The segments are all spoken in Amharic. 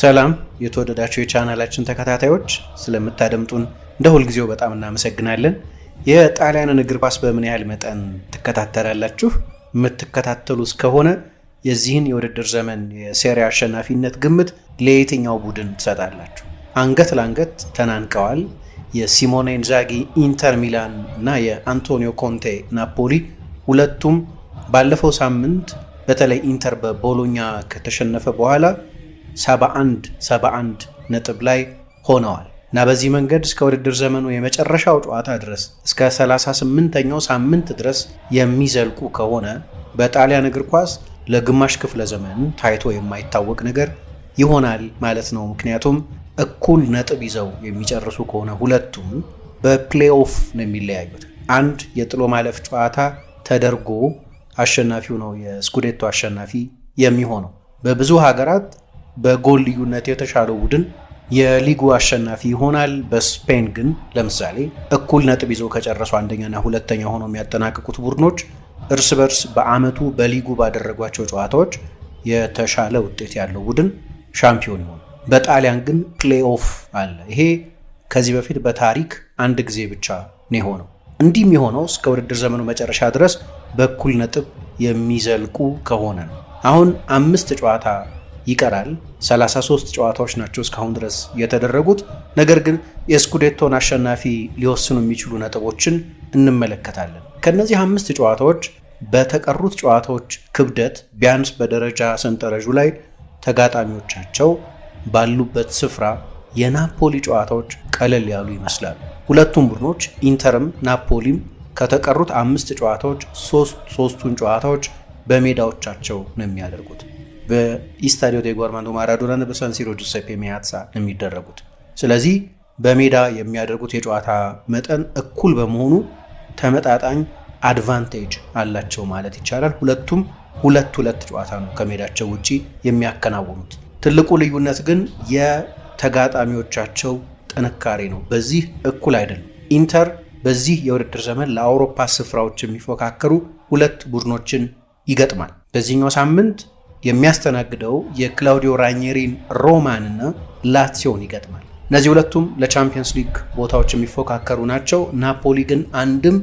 ሰላም የተወደዳቸው የቻናላችን ተከታታዮች ስለምታደምጡን እንደ ሁልጊዜው በጣም እናመሰግናለን። የጣሊያንን እግር ኳስ በምን ያህል መጠን ትከታተላላችሁ? የምትከታተሉ እስከሆነ የዚህን የውድድር ዘመን የሴሪ አሸናፊነት ግምት ለየትኛው ቡድን ትሰጣላችሁ? አንገት ለአንገት ተናንቀዋል። የሲሞኔ ኢንዛጊ ኢንተር ሚላን እና የአንቶኒዮ ኮንቴ ናፖሊ ሁለቱም ባለፈው ሳምንት በተለይ ኢንተር በቦሎኛ ከተሸነፈ በኋላ 71 71 ነጥብ ላይ ሆነዋል እና በዚህ መንገድ እስከ ውድድር ዘመኑ የመጨረሻው ጨዋታ ድረስ እስከ 38ኛው ሳምንት ድረስ የሚዘልቁ ከሆነ በጣሊያን እግር ኳስ ለግማሽ ክፍለ ዘመን ታይቶ የማይታወቅ ነገር ይሆናል ማለት ነው። ምክንያቱም እኩል ነጥብ ይዘው የሚጨርሱ ከሆነ ሁለቱም በፕሌኦፍ ነው የሚለያዩት። አንድ የጥሎ ማለፍ ጨዋታ ተደርጎ አሸናፊው ነው የስኩዴቶ አሸናፊ የሚሆነው። በብዙ ሀገራት በጎል ልዩነት የተሻለው ቡድን የሊጉ አሸናፊ ይሆናል። በስፔን ግን ለምሳሌ እኩል ነጥብ ይዘው ከጨረሱ አንደኛና ሁለተኛ ሆነው የሚያጠናቅቁት ቡድኖች እርስ በርስ በአመቱ በሊጉ ባደረጓቸው ጨዋታዎች የተሻለ ውጤት ያለው ቡድን ሻምፒዮን ይሆን። በጣሊያን ግን ፕሌኦፍ አለ። ይሄ ከዚህ በፊት በታሪክ አንድ ጊዜ ብቻ ነው የሆነው። እንዲህም የሆነው እስከ ውድድር ዘመኑ መጨረሻ ድረስ በእኩል ነጥብ የሚዘልቁ ከሆነ ነው። አሁን አምስት ጨዋታ ይቀራል። 33 ጨዋታዎች ናቸው እስካሁን ድረስ የተደረጉት። ነገር ግን የስኩዴቶን አሸናፊ ሊወስኑ የሚችሉ ነጥቦችን እንመለከታለን። ከእነዚህ አምስት ጨዋታዎች በተቀሩት ጨዋታዎች ክብደት ቢያንስ በደረጃ ሰንጠረዡ ላይ ተጋጣሚዎቻቸው ባሉበት ስፍራ የናፖሊ ጨዋታዎች ቀለል ያሉ ይመስላል። ሁለቱም ቡድኖች ኢንተርም ናፖሊም ከተቀሩት አምስት ጨዋታዎች ሶስት ሶስቱን ጨዋታዎች በሜዳዎቻቸው ነው የሚያደርጉት። በኢስታዲዮ ዴጎ አርማንዶ ማራዶና እና በሳንሲሮ ጁሴፔ ሜአሳ የሚደረጉት። ስለዚህ በሜዳ የሚያደርጉት የጨዋታ መጠን እኩል በመሆኑ ተመጣጣኝ አድቫንቴጅ አላቸው ማለት ይቻላል። ሁለቱም ሁለት ሁለት ጨዋታ ነው ከሜዳቸው ውጪ የሚያከናውኑት። ትልቁ ልዩነት ግን የተጋጣሚዎቻቸው ጥንካሬ ነው። በዚህ እኩል አይደለም። ኢንተር በዚህ የውድድር ዘመን ለአውሮፓ ስፍራዎች የሚፎካከሩ ሁለት ቡድኖችን ይገጥማል። በዚህኛው ሳምንት የሚያስተናግደው የክላውዲዮ ራኒሪን ሮማንና ላትሲዮን ይገጥማል። እነዚህ ሁለቱም ለቻምፒየንስ ሊግ ቦታዎች የሚፎካከሩ ናቸው። ናፖሊ ግን አንድም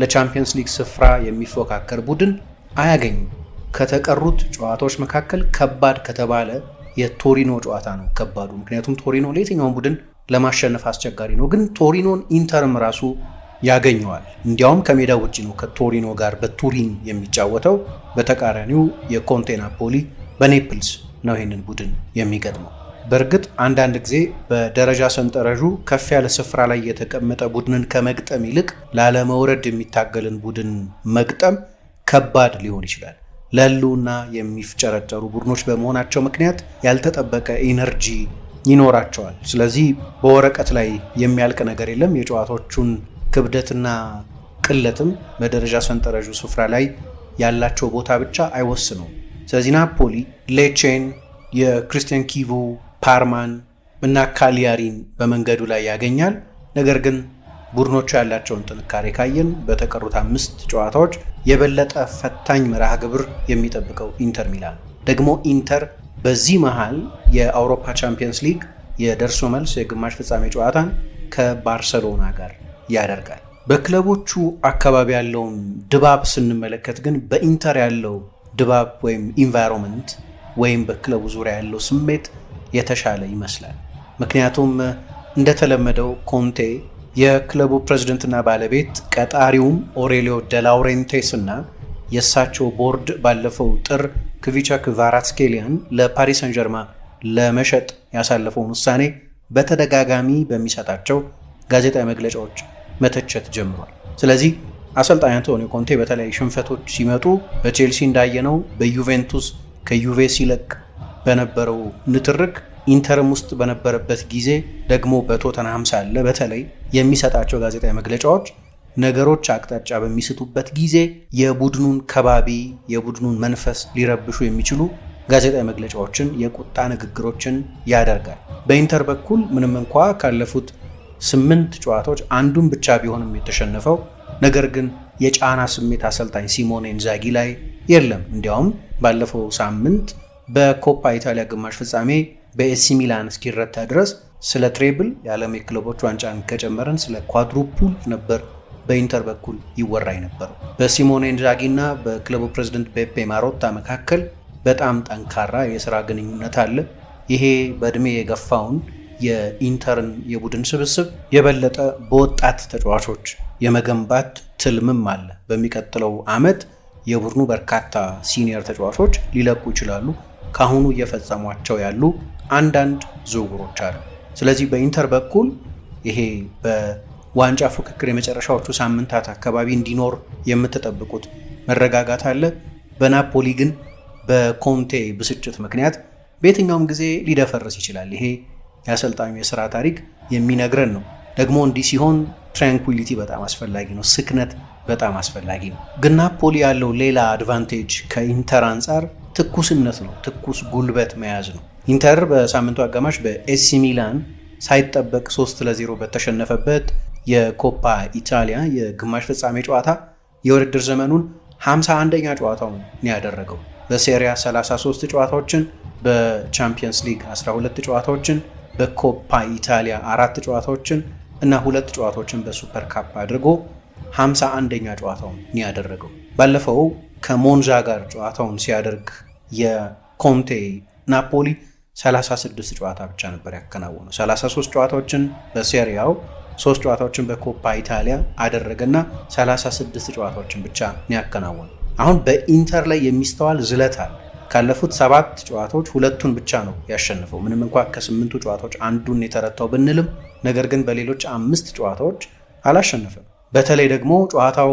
ለቻምፒየንስ ሊግ ስፍራ የሚፎካከር ቡድን አያገኙም። ከተቀሩት ጨዋታዎች መካከል ከባድ ከተባለ የቶሪኖ ጨዋታ ነው ከባዱ። ምክንያቱም ቶሪኖ ለየትኛውን ቡድን ለማሸነፍ አስቸጋሪ ነው። ግን ቶሪኖን ኢንተርም ራሱ ያገኘዋል። እንዲያውም ከሜዳ ውጭ ነው ከቶሪኖ ጋር በቱሪን የሚጫወተው። በተቃራኒው የኮንቴ ናፖሊ በኔፕልስ ነው ይህንን ቡድን የሚገጥመው። በእርግጥ አንዳንድ ጊዜ በደረጃ ሰንጠረዡ ከፍ ያለ ስፍራ ላይ የተቀመጠ ቡድንን ከመግጠም ይልቅ ላለመውረድ የሚታገልን ቡድን መግጠም ከባድ ሊሆን ይችላል። ለሉና የሚፍጨረጨሩ ቡድኖች በመሆናቸው ምክንያት ያልተጠበቀ ኢነርጂ ይኖራቸዋል። ስለዚህ በወረቀት ላይ የሚያልቅ ነገር የለም። የጨዋታዎቹን ክብደትና ቅለትም በደረጃ ሰንጠረዡ ስፍራ ላይ ያላቸው ቦታ ብቻ አይወስኑም። ስለዚህ ናፖሊ ሌቼን፣ የክርስቲያን ኪቮ፣ ፓርማን እና ካሊያሪን በመንገዱ ላይ ያገኛል። ነገር ግን ቡድኖቹ ያላቸውን ጥንካሬ ካየን በተቀሩት አምስት ጨዋታዎች የበለጠ ፈታኝ መርሃ ግብር የሚጠብቀው ኢንተር ሚላን ደግሞ ኢንተር በዚህ መሃል የአውሮፓ ቻምፒየንስ ሊግ የደርሶ መልስ የግማሽ ፍጻሜ ጨዋታን ከባርሰሎና ጋር ያደርጋል። በክለቦቹ አካባቢ ያለውን ድባብ ስንመለከት ግን በኢንተር ያለው ድባብ ወይም ኢንቫይሮንመንት ወይም በክለቡ ዙሪያ ያለው ስሜት የተሻለ ይመስላል። ምክንያቱም እንደተለመደው ኮንቴ የክለቡ ፕሬዝደንትና ባለቤት ቀጣሪውም ኦሬሊዮ ደላውሬንቴስ እና የእሳቸው ቦርድ ባለፈው ጥር ክቪቸክ ቫራትስኬሊያን ለፓሪስ ጀርማ ለመሸጥ ያሳለፈውን ውሳኔ በተደጋጋሚ በሚሰጣቸው ጋዜጣዊ መግለጫዎች መተቸት ጀምሯል። ስለዚህ አሰልጣኝ አንቶኒዮ ኮንቴ በተለይ ሽንፈቶች ሲመጡ በቼልሲ እንዳየነው በዩቬንቱስ ከዩቬ ሲለቅ በነበረው ንትርክ ኢንተርም ውስጥ በነበረበት ጊዜ ደግሞ በቶተንሃም ሳለ በተለይ የሚሰጣቸው ጋዜጣዊ መግለጫዎች ነገሮች አቅጣጫ በሚስቱበት ጊዜ የቡድኑን ከባቢ የቡድኑን መንፈስ ሊረብሹ የሚችሉ ጋዜጣዊ መግለጫዎችን፣ የቁጣ ንግግሮችን ያደርጋል። በኢንተር በኩል ምንም እንኳ ካለፉት ስምንት ጨዋታዎች አንዱን ብቻ ቢሆንም የተሸነፈው ነገር ግን የጫና ስሜት አሰልጣኝ ሲሞኔ ኢንዛጊ ላይ የለም። እንዲያውም ባለፈው ሳምንት በኮፓ ኢታሊያ ግማሽ ፍጻሜ በኤሲ ሚላን እስኪረታ ድረስ ስለ ትሬብል የዓለም የክለቦች ዋንጫን ከጨመረን ስለ ኳድሩፑል ነበር በኢንተር በኩል ይወራ ነበረው። በሲሞኔ ኢንዛጊ እና በክለቡ ፕሬዚደንት ፔፔ ማሮታ መካከል በጣም ጠንካራ የስራ ግንኙነት አለ። ይሄ በእድሜ የገፋውን የኢንተርን የቡድን ስብስብ የበለጠ በወጣት ተጫዋቾች የመገንባት ትልምም አለ። በሚቀጥለው ዓመት የቡድኑ በርካታ ሲኒየር ተጫዋቾች ሊለቁ ይችላሉ። ካሁኑ እየፈጸሟቸው ያሉ አንዳንድ ዝውውሮች አሉ። ስለዚህ በኢንተር በኩል ይሄ በዋንጫ ፉክክር የመጨረሻዎቹ ሳምንታት አካባቢ እንዲኖር የምትጠብቁት መረጋጋት አለ። በናፖሊ ግን በኮንቴ ብስጭት ምክንያት በየትኛውም ጊዜ ሊደፈርስ ይችላል። ይሄ የአሰልጣኙ የስራ ታሪክ የሚነግረን ነው። ደግሞ እንዲህ ሲሆን ትራንኩሊቲ በጣም አስፈላጊ ነው። ስክነት በጣም አስፈላጊ ነው። ግን ናፖሊ ያለው ሌላ አድቫንቴጅ ከኢንተር አንጻር ትኩስነት ነው። ትኩስ ጉልበት መያዝ ነው። ኢንተር በሳምንቱ አጋማሽ በኤሲ ሚላን ሳይጠበቅ 3 ለ0 በተሸነፈበት የኮፓ ኢታሊያ የግማሽ ፍጻሜ ጨዋታ የውድድር ዘመኑን 51ኛ ጨዋታውን ነው ያደረገው። በሴሪያ 33 ጨዋታዎችን፣ በቻምፒየንስ ሊግ 12 ጨዋታዎችን በኮፓ ኢታሊያ አራት ጨዋታዎችን እና ሁለት ጨዋታዎችን በሱፐር ካፕ አድርጎ 51ኛ ጨዋታውን ያደረገው። ባለፈው ከሞንዛ ጋር ጨዋታውን ሲያደርግ የኮንቴ ናፖሊ 36 ጨዋታ ብቻ ነበር ያከናወነው። 33 ጨዋታዎችን በሴሪያው ሶስት ጨዋታዎችን በኮፓ ኢታሊያ አደረገና 36 ጨዋታዎችን ብቻ ያከናወነው። አሁን በኢንተር ላይ የሚስተዋል ዝለት አለ። ካለፉት ሰባት ጨዋታዎች ሁለቱን ብቻ ነው ያሸነፈው። ምንም እንኳ ከስምንቱ ጨዋታዎች አንዱን የተረታው ብንልም ነገር ግን በሌሎች አምስት ጨዋታዎች አላሸነፈም። በተለይ ደግሞ ጨዋታው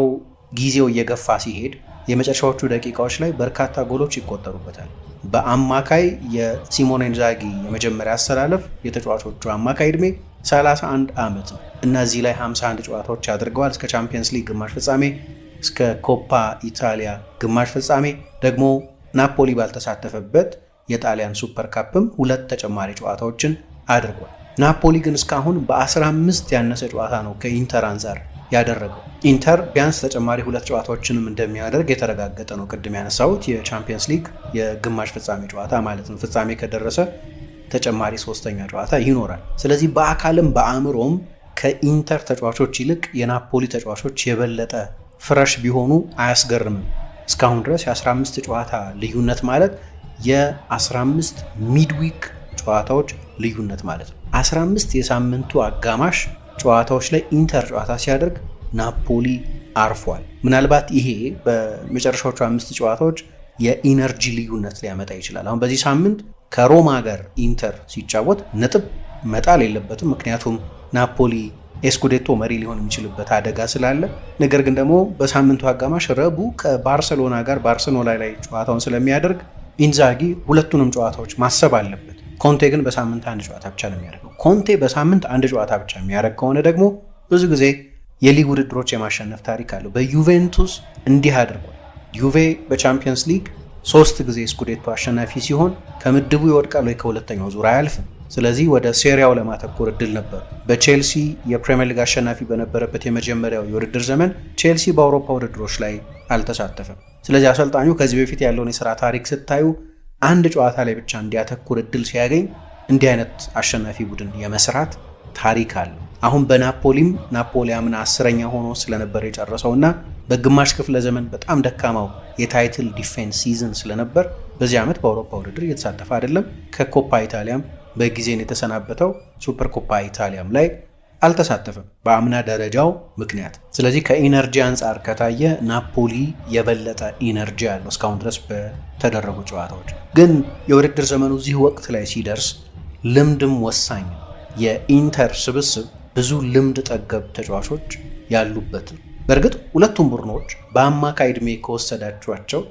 ጊዜው እየገፋ ሲሄድ የመጨረሻዎቹ ደቂቃዎች ላይ በርካታ ጎሎች ይቆጠሩበታል። በአማካይ የሲሞኔ ኢንዛጊ የመጀመሪያ አሰላለፍ የተጫዋቾቹ አማካይ ዕድሜ 31 ዓመት ነው እና እዚህ ላይ 51 ጨዋታዎች አድርገዋል። እስከ ቻምፒየንስ ሊግ ግማሽ ፍጻሜ፣ እስከ ኮፓ ኢታሊያ ግማሽ ፍጻሜ ደግሞ ናፖሊ ባልተሳተፈበት የጣሊያን ሱፐር ካፕም ሁለት ተጨማሪ ጨዋታዎችን አድርጓል። ናፖሊ ግን እስካሁን በ15 ያነሰ ጨዋታ ነው ከኢንተር አንጻር ያደረገው። ኢንተር ቢያንስ ተጨማሪ ሁለት ጨዋታዎችንም እንደሚያደርግ የተረጋገጠ ነው። ቅድም ያነሳሁት የቻምፒየንስ ሊግ የግማሽ ፍጻሜ ጨዋታ ማለት ነው። ፍጻሜ ከደረሰ ተጨማሪ ሶስተኛ ጨዋታ ይኖራል። ስለዚህ በአካልም በአእምሮም ከኢንተር ተጫዋቾች ይልቅ የናፖሊ ተጫዋቾች የበለጠ ፍረሽ ቢሆኑ አያስገርምም። እስካሁን ድረስ የ15 ጨዋታ ልዩነት ማለት የ15 ሚድዊክ ጨዋታዎች ልዩነት ማለት ነው። 15 የሳምንቱ አጋማሽ ጨዋታዎች ላይ ኢንተር ጨዋታ ሲያደርግ ናፖሊ አርፏል። ምናልባት ይሄ በመጨረሻዎቹ አምስት ጨዋታዎች የኢነርጂ ልዩነት ሊያመጣ ይችላል። አሁን በዚህ ሳምንት ከሮማ ጋር ኢንተር ሲጫወት ነጥብ መጣል የለበትም፣ ምክንያቱም ናፖሊ የስኩዴቶ መሪ ሊሆን የሚችልበት አደጋ ስላለ፣ ነገር ግን ደግሞ በሳምንቱ አጋማሽ ረቡዕ ከባርሰሎና ጋር ባርሰሎና ላይ ጨዋታውን ስለሚያደርግ ኢንዛጊ ሁለቱንም ጨዋታዎች ማሰብ አለበት። ኮንቴ ግን በሳምንት አንድ ጨዋታ ብቻ ነው የሚያደርገው። ኮንቴ በሳምንት አንድ ጨዋታ ብቻ የሚያደርግ ከሆነ ደግሞ ብዙ ጊዜ የሊግ ውድድሮች የማሸነፍ ታሪክ አለው። በዩቬንቱስ እንዲህ አድርጓል። ዩቬ በቻምፒየንስ ሊግ ሶስት ጊዜ ስኩዴቶ አሸናፊ ሲሆን ከምድቡ ይወድቃል ወይ ከሁለተኛው ዙር አያልፍም። ስለዚህ ወደ ሴሪያው ለማተኮር እድል ነበር። በቼልሲ የፕሪምየር ሊግ አሸናፊ በነበረበት የመጀመሪያው የውድድር ዘመን ቼልሲ በአውሮፓ ውድድሮች ላይ አልተሳተፈም። ስለዚህ አሰልጣኙ ከዚህ በፊት ያለውን የስራ ታሪክ ስታዩ አንድ ጨዋታ ላይ ብቻ እንዲያተኩር እድል ሲያገኝ እንዲህ አይነት አሸናፊ ቡድን የመስራት ታሪክ አለው። አሁን በናፖሊም ናፖሊ አምና አስረኛ ሆኖ ስለነበር የጨረሰው እና በግማሽ ክፍለ ዘመን በጣም ደካማው የታይትል ዲፌንስ ሲዝን ስለነበር በዚህ ዓመት በአውሮፓ ውድድር እየተሳተፈ አይደለም። ከኮፓ ኢታሊያም በጊዜን የተሰናበተው። ሱፐር ኮፓ ኢታሊያም ላይ አልተሳተፈም በአምና ደረጃው ምክንያት። ስለዚህ ከኢነርጂ አንጻር ከታየ ናፖሊ የበለጠ ኢነርጂ አለው እስካሁን ድረስ በተደረጉ ጨዋታዎች። ግን የውድድር ዘመኑ እዚህ ወቅት ላይ ሲደርስ ልምድም ወሳኝ ነው። የኢንተር ስብስብ ብዙ ልምድ ጠገብ ተጫዋቾች ያሉበት። በእርግጥ ሁለቱም ቡድኖች በአማካይ ዕድሜ ከወሰዳችኋቸው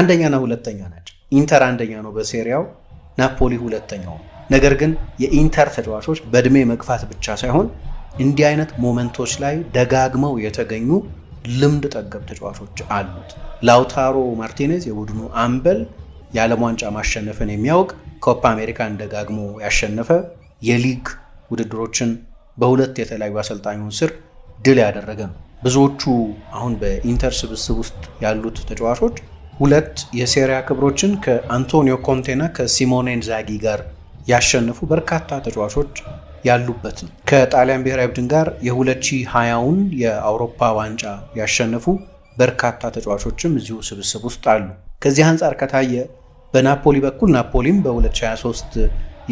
አንደኛና ሁለተኛ ናቸው። ኢንተር አንደኛ ነው በሴሪያው፣ ናፖሊ ሁለተኛው ነገር ግን የኢንተር ተጫዋቾች በእድሜ መግፋት ብቻ ሳይሆን እንዲህ አይነት ሞመንቶች ላይ ደጋግመው የተገኙ ልምድ ጠገብ ተጫዋቾች አሉት። ላውታሮ ማርቲኔዝ የቡድኑ አምበል የዓለም ዋንጫ ማሸነፍን የሚያውቅ ኮፓ አሜሪካን ደጋግሞ ያሸነፈ የሊግ ውድድሮችን በሁለት የተለያዩ አሰልጣኞች ስር ድል ያደረገ ነው። ብዙዎቹ አሁን በኢንተር ስብስብ ውስጥ ያሉት ተጫዋቾች ሁለት የሴሪያ ክብሮችን ከአንቶኒዮ ኮንቴና ከሲሞኔ ኢንዛጊ ጋር ያሸነፉ በርካታ ተጫዋቾች ያሉበት ነው። ከጣሊያን ብሔራዊ ቡድን ጋር የ2020ውን የአውሮፓ ዋንጫ ያሸነፉ በርካታ ተጫዋቾችም እዚሁ ስብስብ ውስጥ አሉ። ከዚህ አንጻር ከታየ በናፖሊ በኩል ናፖሊም በ2023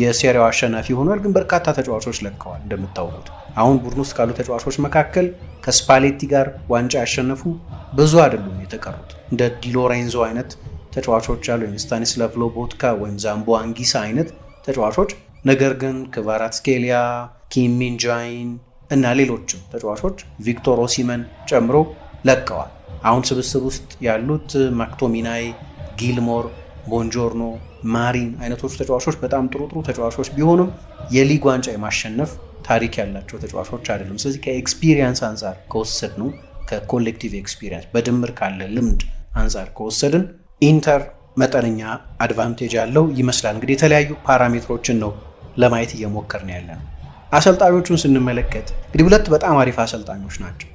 የሴሪያው አሸናፊ ሆኗል። ግን በርካታ ተጫዋቾች ለቀዋል። እንደምታውቁት አሁን ቡድን ውስጥ ካሉ ተጫዋቾች መካከል ከስፓሌቲ ጋር ዋንጫ ያሸነፉ ብዙ አይደሉም። የተቀሩት እንደ ዲሎሬንዞ አይነት ተጫዋቾች አሉ፣ ወይም ስታኒስላቭ ሎቦትካ ወይም ዛምቦ አንጊሳ አይነት ተጫዋቾች ነገር ግን ክቫራትስኬሊያ፣ ኪም ሚንጃይን እና ሌሎችም ተጫዋቾች ቪክቶር ኦሲመን ጨምሮ ለቀዋል። አሁን ስብስብ ውስጥ ያሉት ማክቶሚናይ፣ ጊልሞር፣ ቦንጆርኖ፣ ማሪን አይነቶቹ ተጫዋቾች በጣም ጥሩ ጥሩ ተጫዋቾች ቢሆኑም የሊግ ዋንጫ የማሸነፍ ታሪክ ያላቸው ተጫዋቾች አይደሉም። ስለዚህ ከኤክስፒሪየንስ አንጻር ከወሰድ ከኮሌክቲቭ ኤክስፒሪየንስ በድምር ካለ ልምድ አንጻር ከወሰድን ኢንተር መጠነኛ አድቫንቴጅ ያለው ይመስላል። እንግዲህ የተለያዩ ፓራሜትሮችን ነው ለማየት እየሞከርን ያለ ነው። አሰልጣኞቹን ስንመለከት እንግዲህ ሁለት በጣም አሪፍ አሰልጣኞች ናቸው።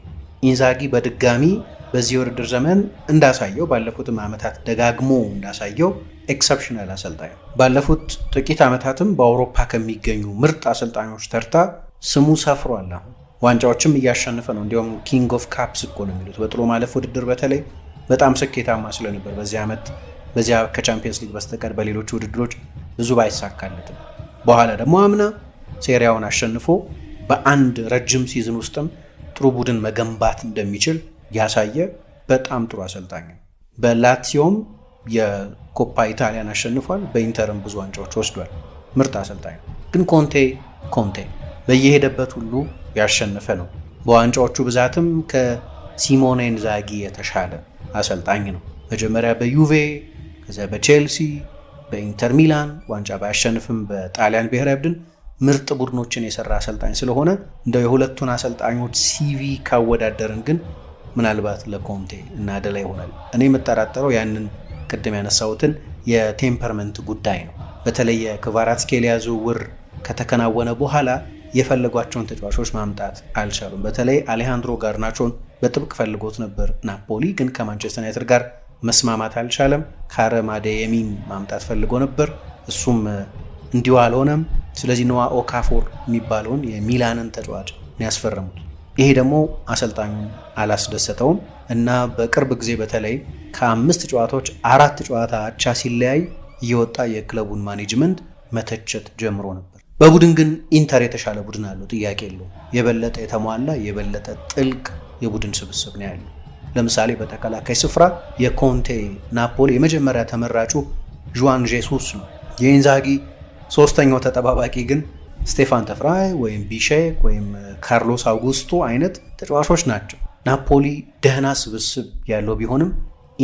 ኢንዛጊ በድጋሚ በዚህ የውድድር ዘመን እንዳሳየው ባለፉትም ዓመታት ደጋግሞ እንዳሳየው ኤክሰፕሽናል አሰልጣኝ ባለፉት ጥቂት ዓመታትም በአውሮፓ ከሚገኙ ምርጥ አሰልጣኞች ተርታ ስሙ ሰፍሯል። አሁን ዋንጫዎችም እያሸነፈ ነው። እንዲሁም ኪንግ ኦፍ ካፕስ እኮ ነው የሚሉት። በጥሎ ማለፍ ውድድር በተለይ በጣም ስኬታማ ስለነበር በዚህ ዓመት በዚያ ከቻምፒየንስ ሊግ በስተቀር በሌሎች ውድድሮች ብዙ ባይሳካለትም በኋላ ደግሞ አምና ሴሪያውን አሸንፎ በአንድ ረጅም ሲዝን ውስጥም ጥሩ ቡድን መገንባት እንደሚችል ያሳየ በጣም ጥሩ አሰልጣኝ ነው። በላትሲዮም የኮፓ ኢታሊያን አሸንፏል። በኢንተርም ብዙ ዋንጫዎች ወስዷል። ምርጥ አሰልጣኝ ነው። ግን ኮንቴ ኮንቴ በየሄደበት ሁሉ ያሸነፈ ነው። በዋንጫዎቹ ብዛትም ከሲሞኔ ኢንዛጊ የተሻለ አሰልጣኝ ነው። መጀመሪያ በዩቬ ከዚያ በቼልሲ በኢንተር ሚላን ዋንጫ ባያሸንፍም በጣሊያን ብሔራዊ ቡድን ምርጥ ቡድኖችን የሰራ አሰልጣኝ ስለሆነ እንደው የሁለቱን አሰልጣኞች ሲቪ ካወዳደርን ግን ምናልባት ለኮንቴ እናደላ ይሆናል። እኔ የምጠራጠረው ያንን ቅድም ያነሳሁትን የቴምፐርመንት ጉዳይ ነው። በተለይ የክቫራትስኬሊያ ዝውውር ከተከናወነ በኋላ የፈለጓቸውን ተጫዋቾች ማምጣት አልቻሉም። በተለይ አሌሃንድሮ ጋርናቾን በጥብቅ ፈልጎት ነበር ናፖሊ ግን ከማንቸስተር ዩናይትድ ጋር መስማማት አልቻለም። ካረማደ የሚም ማምጣት ፈልጎ ነበር፣ እሱም እንዲሁ አልሆነም። ስለዚህ ነዋ ኦካፎር የሚባለውን የሚላንን ተጫዋች ያስፈረሙት። ይሄ ደግሞ አሰልጣኙን አላስደሰተውም እና በቅርብ ጊዜ በተለይ ከአምስት ጨዋታዎች አራት ጨዋታ አቻ ሲለያይ እየወጣ የክለቡን ማኔጅመንት መተቸት ጀምሮ ነበር። በቡድን ግን ኢንተር የተሻለ ቡድን አለው፣ ጥያቄ የለው። የበለጠ የተሟላ የበለጠ ጥልቅ የቡድን ስብስብ ነው ያለው። ለምሳሌ በተከላካይ ስፍራ የኮንቴ ናፖሊ የመጀመሪያ ተመራጩ ዡዋን ጄሱስ ነው። የኢንዛጊ ሶስተኛው ተጠባባቂ ግን ስቴፋን ተፍራይ ወይም ቢሼክ ወይም ካርሎስ አውጉስቶ አይነት ተጫዋቾች ናቸው። ናፖሊ ደህና ስብስብ ያለው ቢሆንም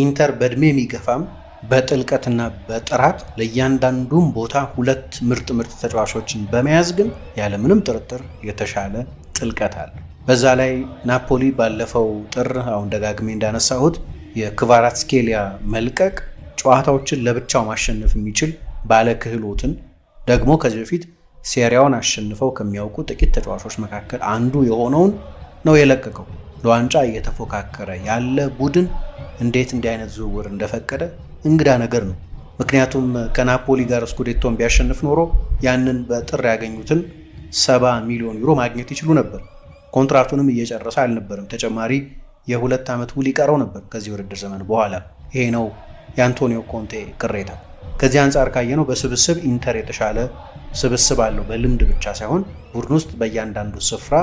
ኢንተር በእድሜ የሚገፋም በጥልቀትና በጥራት ለእያንዳንዱም ቦታ ሁለት ምርጥ ምርጥ ተጫዋቾችን በመያዝ ግን ያለምንም ጥርጥር የተሻለ ጥልቀት አለ። በዛ ላይ ናፖሊ ባለፈው ጥር አሁን ደጋግሜ እንዳነሳሁት የክቫራትስኬሊያ መልቀቅ ጨዋታዎችን ለብቻው ማሸነፍ የሚችል ባለ ክህሎትን ደግሞ ከዚህ በፊት ሴሪያውን አሸንፈው ከሚያውቁ ጥቂት ተጫዋቾች መካከል አንዱ የሆነውን ነው የለቀቀው። ለዋንጫ እየተፎካከረ ያለ ቡድን እንዴት እንዲህ አይነት ዝውውር እንደፈቀደ እንግዳ ነገር ነው። ምክንያቱም ከናፖሊ ጋር ስኩዴቶን ቢያሸንፍ ኖሮ ያንን በጥር ያገኙትን ሰባ ሚሊዮን ዩሮ ማግኘት ይችሉ ነበር። ኮንትራክቱንም እየጨረሰ አልነበረም። ተጨማሪ የሁለት ዓመት ውል ይቀረው ነበር ከዚህ ውድድር ዘመን በኋላ። ይሄ ነው የአንቶኒዮ ኮንቴ ቅሬታ። ከዚህ አንጻር ካየነው በስብስብ ኢንተር የተሻለ ስብስብ አለው፣ በልምድ ብቻ ሳይሆን ቡድን ውስጥ በእያንዳንዱ ስፍራ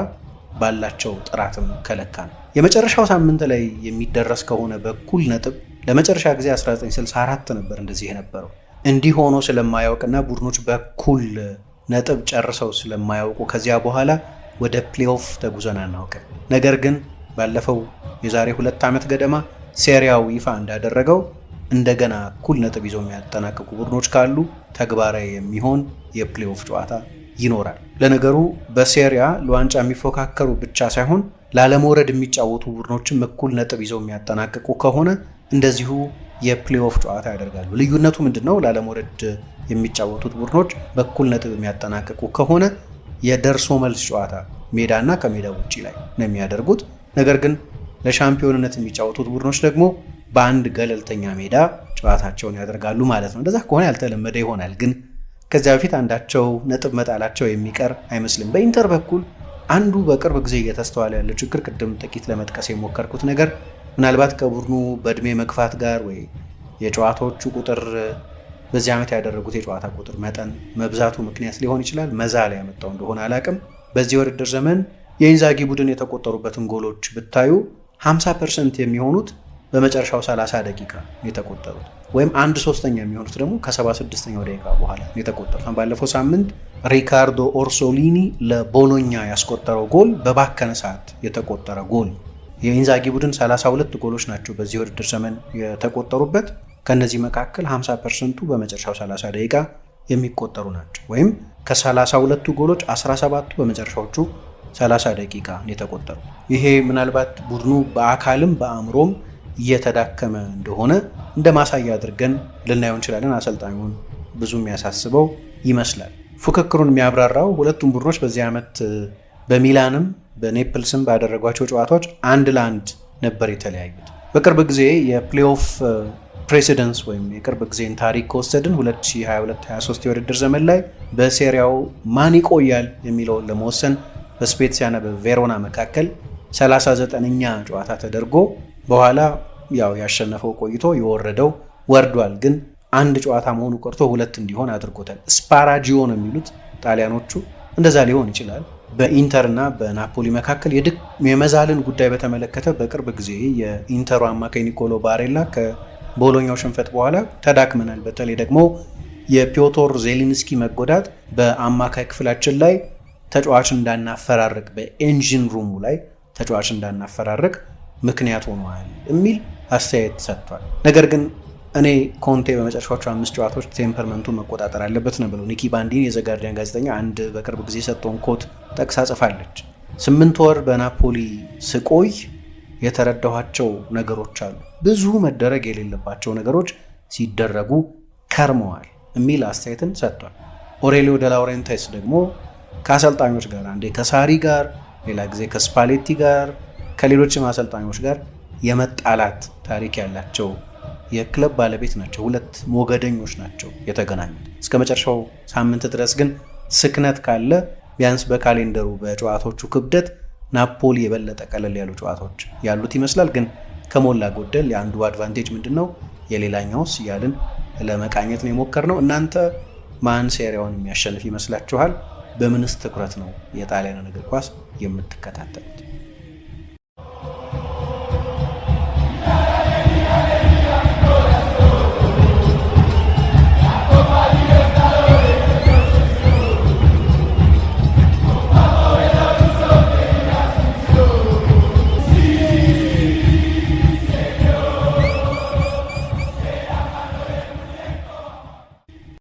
ባላቸው ጥራትም ከለካ ነው። የመጨረሻው ሳምንት ላይ የሚደረስ ከሆነ በኩል ነጥብ ለመጨረሻ ጊዜ 1964 ነበር እንደዚህ የነበረው። እንዲህ ሆኖ ስለማያውቅና ቡድኖች በኩል ነጥብ ጨርሰው ስለማያውቁ ከዚያ በኋላ ወደ ፕሌኦፍ ተጉዘን አናውቅም። ነገር ግን ባለፈው የዛሬ ሁለት ዓመት ገደማ ሴሪያው ይፋ እንዳደረገው እንደገና እኩል ነጥብ ይዞ የሚያጠናቅቁ ቡድኖች ካሉ ተግባራዊ የሚሆን የፕሌኦፍ ጨዋታ ይኖራል። ለነገሩ በሴሪያ ለዋንጫ የሚፎካከሩ ብቻ ሳይሆን ላለመውረድ የሚጫወቱ ቡድኖችም እኩል ነጥብ ይዘው የሚያጠናቅቁ ከሆነ እንደዚሁ የፕሌኦፍ ጨዋታ ያደርጋሉ። ልዩነቱ ምንድን ነው? ላለመውረድ የሚጫወቱት ቡድኖች በእኩል ነጥብ የሚያጠናቅቁ ከሆነ የደርሶ መልስ ጨዋታ ሜዳና ከሜዳ ውጭ ላይ ነው የሚያደርጉት። ነገር ግን ለሻምፒዮንነት የሚጫወቱት ቡድኖች ደግሞ በአንድ ገለልተኛ ሜዳ ጨዋታቸውን ያደርጋሉ ማለት ነው። እንደዛ ከሆነ ያልተለመደ ይሆናል፣ ግን ከዚያ በፊት አንዳቸው ነጥብ መጣላቸው የሚቀር አይመስልም። በኢንተር በኩል አንዱ በቅርብ ጊዜ እየተስተዋለ ያለው ችግር ቅድም ጥቂት ለመጥቀስ የሞከርኩት ነገር ምናልባት ከቡድኑ በእድሜ መግፋት ጋር ወይ የጨዋታዎቹ ቁጥር በዚህ ዓመት ያደረጉት የጨዋታ ቁጥር መጠን መብዛቱ ምክንያት ሊሆን ይችላል። ላይ ያመጣው እንደሆነ አላቅም። በዚህ የውድድር ዘመን የኢንዛጊ ቡድን የተቆጠሩበትን ጎሎች ብታዩ 50 ፐርሰንት የሚሆኑት በመጨረሻው 30 ደቂቃ የተቆጠሩት ወይም አንድ ሶስተኛ የሚሆኑት ደግሞ ከ76ኛው ደቂቃ በኋላ የተቆጠሩት። ባለፈው ሳምንት ሪካርዶ ኦርሶሊኒ ለቦሎኛ ያስቆጠረው ጎል በባከነ ሰዓት የተቆጠረ ጎል። የኢንዛጊ ቡድን 32 ጎሎች ናቸው በዚህ ውድድር ዘመን የተቆጠሩበት። ከእነዚህ መካከል 50 ፐርሰንቱ በመጨረሻው 30 ደቂቃ የሚቆጠሩ ናቸው። ወይም ከ32ቱ ጎሎች 17ቱ በመጨረሻዎቹ 30 ደቂቃ የተቆጠሩ። ይሄ ምናልባት ቡድኑ በአካልም በአእምሮም እየተዳከመ እንደሆነ እንደ ማሳያ አድርገን ልናየው እንችላለን። አሰልጣኙን ብዙ የሚያሳስበው ይመስላል። ፉክክሩን የሚያብራራው ሁለቱም ቡድኖች በዚህ ዓመት በሚላንም በኔፕልስም ባደረጓቸው ጨዋታዎች አንድ ለአንድ ነበር የተለያዩት። በቅርብ ጊዜ የፕሌኦፍ ፕሬሲደንስ ወይም የቅርብ ጊዜን ታሪክ ከወሰድን 2022/23 የውድድር ዘመን ላይ በሴሪያው ማን ይቆያል የሚለውን ለመወሰን በስፔትሲያና በቬሮና መካከል 39ኛ ጨዋታ ተደርጎ በኋላ ያው ያሸነፈው ቆይቶ የወረደው ወርዷል። ግን አንድ ጨዋታ መሆኑ ቀርቶ ሁለት እንዲሆን አድርጎታል። ስፓራጂዮ ነው የሚሉት ጣሊያኖቹ። እንደዛ ሊሆን ይችላል። በኢንተርና በናፖሊ መካከል የድክ የመዛልን ጉዳይ በተመለከተ በቅርብ ጊዜ የኢንተሩ አማካኝ ኒኮሎ ባሬላ በወሎኛው ሽንፈት በኋላ ተዳክመናል። በተለይ ደግሞ የፒዮቶር ዜሊንስኪ መጎዳት በአማካይ ክፍላችን ላይ ተጫዋች እንዳናፈራርቅ በኤንጂን ሩሙ ላይ ተጫዋች እንዳናፈራርቅ ምክንያት ሆኗል የሚል አስተያየት ሰጥቷል። ነገር ግን እኔ ኮንቴ በመጨረሻዎቹ አምስት ጨዋታዎች ቴምፐርመንቱ መቆጣጠር አለበት ነው ብለው ኒኪ ባንዲን የዘጋርዲያን ጋዜጠኛ አንድ በቅርብ ጊዜ የሰጠውን ኮት ጠቅሳ ጽፋለች። ስምንት ወር በናፖሊ ስቆይ የተረዳኋቸው ነገሮች አሉ። ብዙ መደረግ የሌለባቸው ነገሮች ሲደረጉ ከርመዋል የሚል አስተያየትን ሰጥቷል። ኦሬሊዮ ደላውሬንቴስ ደግሞ ከአሰልጣኞች ጋር አንዴ ከሳሪ ጋር፣ ሌላ ጊዜ ከስፓሌቲ ጋር፣ ከሌሎችም አሰልጣኞች ጋር የመጣላት ታሪክ ያላቸው የክለብ ባለቤት ናቸው። ሁለት ሞገደኞች ናቸው የተገናኙት። እስከ መጨረሻው ሳምንት ድረስ ግን ስክነት ካለ ቢያንስ በካሌንደሩ በጨዋታዎቹ ክብደት ናፖሊ የበለጠ ቀለል ያሉ ጨዋታዎች ያሉት ይመስላል። ግን ከሞላ ጎደል የአንዱ አድቫንቴጅ ምንድን ነው የሌላኛውስ እያልን ለመቃኘት ነው የሞከር ነው። እናንተ ማን ሴሪያውን የሚያሸንፍ ይመስላችኋል? በምንስ ትኩረት ነው የጣሊያንን እግር ኳስ የምትከታተሉት?